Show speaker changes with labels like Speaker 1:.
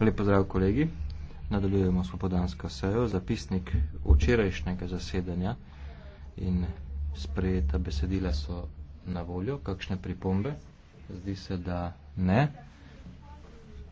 Speaker 1: Lep pozdrav, kolegi. Nadaljujemo s popodansko sejo. Zapisnik včerajšnjega zasedanja in sprejeta besedila so na voljo. Kakšne pripombe? Zdi se, da
Speaker 2: ne.